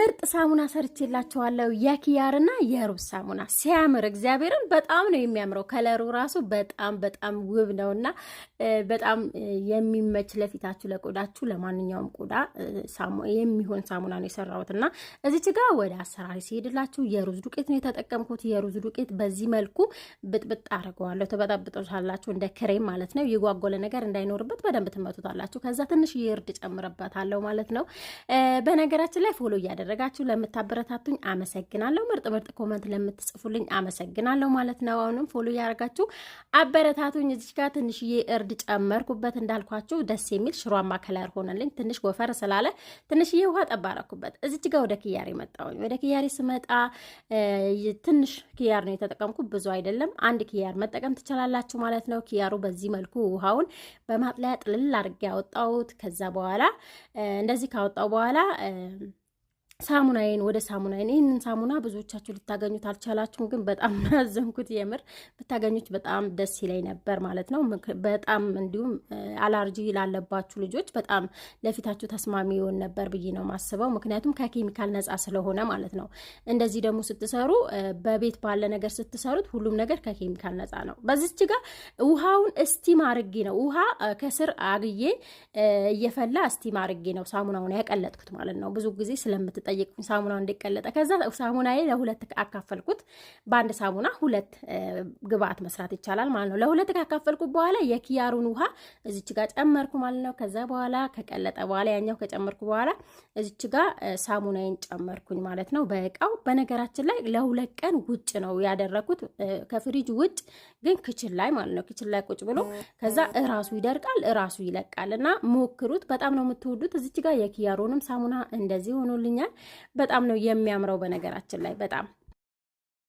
ምርጥ ሳሙና ሰርቼላችኋለሁ። የኪያርና የሩዝ ሳሙና ሲያምር እግዚአብሔርን በጣም ነው የሚያምረው። ከለሩ ራሱ በጣም በጣም ውብ ነው እና በጣም የሚመች ለፊታችሁ፣ ለቆዳችሁ፣ ለማንኛውም ቆዳ የሚሆን ሳሙና ነው የሰራሁት እና እዚች ጋር ወደ አሰራሪ ሲሄድላችሁ የሩዝ ዱቄት ነው የተጠቀምኩት። የሩዝ ዱቄት በዚህ መልኩ ብጥብጥ አድርገዋለሁ። ተበጣብጦታላችሁ እንደ ክሬም ማለት ነው። የጓጎለ ነገር እንዳይኖርበት በደንብ ትመቱታላችሁ። ከዛ ትንሽ የእርድ ጨምረበታለሁ ማለት ነው። በነገራችን ላይ ፎሎ እያደረ እያደረጋችሁ ለምታበረታቱኝ አመሰግናለሁ። ምርጥ ምርጥ ኮመንት ለምትጽፉልኝ አመሰግናለሁ ማለት ነው። አሁንም ፎሎ እያደረጋችሁ አበረታቱኝ። እዚህ ጋር ትንሽዬ እርድ ጨመርኩበት። እንዳልኳችሁ ደስ የሚል ሽሯማ ከለር ሆነልኝ። ትንሽ ወፈር ስላለ ትንሽዬ ውሃ ጠባረኩበት እዚች ጋር ወደ ክያሬ መጣሁኝ። ወደ ክያሬ ስመጣ ትንሽ ክያር ነው የተጠቀምኩ ብዙ አይደለም። አንድ ክያር መጠቀም ትችላላችሁ ማለት ነው። ክያሩ በዚህ መልኩ ውሃውን በማጥለያ ጥልል አድርጌ አወጣሁት። ከዛ በኋላ እንደዚህ ካወጣው በኋላ ሳሙናዬን ወደ ሳሙና ይህንን ሳሙና ብዙዎቻችሁ ልታገኙት አልቻላችሁም፣ ግን በጣም ያዘንኩት የምር ብታገኙት በጣም ደስ ይለኝ ነበር ማለት ነው። በጣም እንዲሁም አላርጂ ላለባችሁ ልጆች በጣም ለፊታችሁ ተስማሚ ይሆን ነበር ብዬ ነው ማስበው፣ ምክንያቱም ከኬሚካል ነጻ ስለሆነ ማለት ነው። እንደዚህ ደግሞ ስትሰሩ በቤት ባለ ነገር ስትሰሩት ሁሉም ነገር ከኬሚካል ነጻ ነው። በዚች ጋር ውሃውን እስቲም አርጌ ነው ውሃ ከስር አግዬ እየፈላ እስቲም አርጌ ነው ሳሙናውን ያቀለጥኩት ማለት ነው። ብዙ ጊዜ ስለምትጠ ጠየቁኝ ሳሙናው እንዲቀለጠ። ከዛ ሳሙናዬ ለሁለት አካፈልኩት። በአንድ ሳሙና ሁለት ግብአት መስራት ይቻላል ማለት ነው። ለሁለት ካካፈልኩት በኋላ የኪያሩን ውሃ እዚች ጋር ጨመርኩ ማለት ነው። ከዛ በኋላ ከቀለጠ በኋላ ያኛው ከጨመርኩ በኋላ እዚች ጋር ሳሙናዬን ጨመርኩኝ ማለት ነው በእቃው። በነገራችን ላይ ለሁለት ቀን ውጭ ነው ያደረኩት ከፍሪጅ ውጭ ግን ክችን ላይ ማለት ነው። ክችን ላይ ቁጭ ብሎ ከዛ እራሱ ይደርቃል እራሱ ይለቃል እና ሞክሩት። በጣም ነው የምትወዱት። እዚች ጋር የኪያሩንም ሳሙና እንደዚህ ሆኖልኛል። በጣም ነው የሚያምረው። በነገራችን ላይ በጣም